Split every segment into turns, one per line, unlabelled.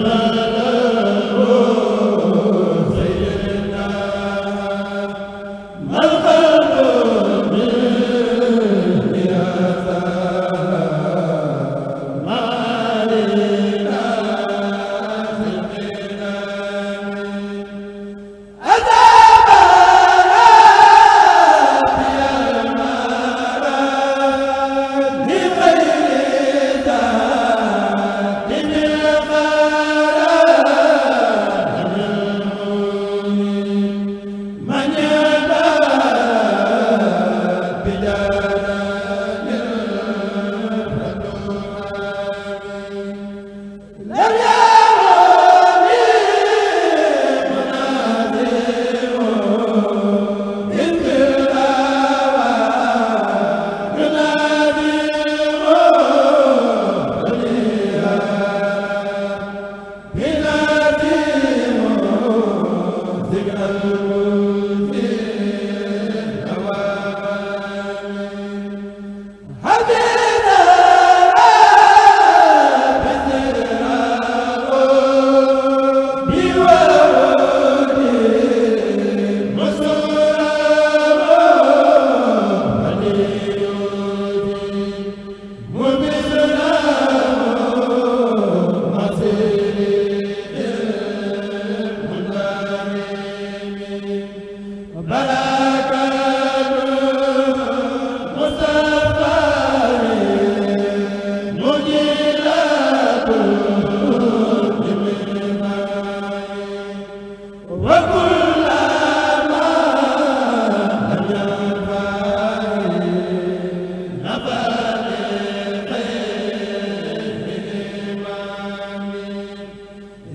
la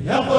ya